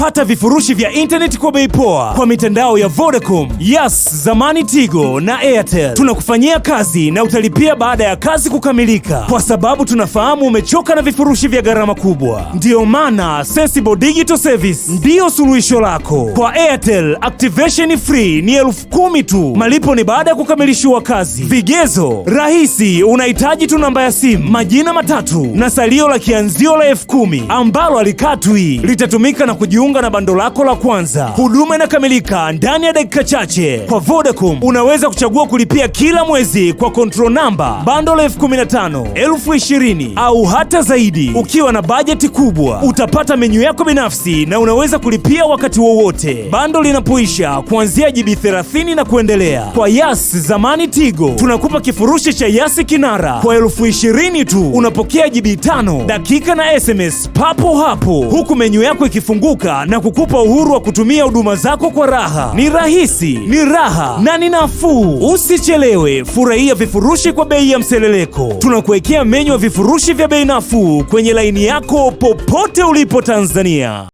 Pata vifurushi vya internet kwa bei poa kwa mitandao ya Vodacom, Yas, zamani Tigo na Airtel. Tunakufanyia kazi na utalipia baada ya kazi kukamilika, kwa sababu tunafahamu umechoka na vifurushi vya gharama kubwa. Ndiyo maana Sensible Digital Service ndiyo suluhisho lako. Kwa Airtel, activation free ni elfu kumi tu, malipo ni baada ya kukamilishiwa kazi. Vigezo rahisi, unahitaji tu namba ya simu, majina matatu na salio la kianzio la elfu kumi ambalo alikatwi litatumika na kujiunga kujiunga na bando lako la kwanza. Huduma inakamilika ndani ya dakika chache. Kwa Vodacom unaweza kuchagua kulipia kila mwezi kwa control namba, bando la elfu kumi na tano, elfu ishirini au hata zaidi. Ukiwa na bajeti kubwa, utapata menyu yako binafsi na unaweza kulipia wakati wowote bando linapoisha, kuanzia GB 30 na kuendelea. Kwa Yas zamani Tigo tunakupa kifurushi cha Yas Kinara kwa elfu ishirini tu, unapokea GB 5 dakika na SMS papo hapo, huku menyu yako ikifunguka na kukupa uhuru wa kutumia huduma zako kwa raha. Ni rahisi, ni raha na ni nafuu. Usichelewe, furahia vifurushi kwa bei ya mseleleko. Tunakuwekea menyu ya vifurushi vya bei nafuu kwenye laini yako popote ulipo Tanzania.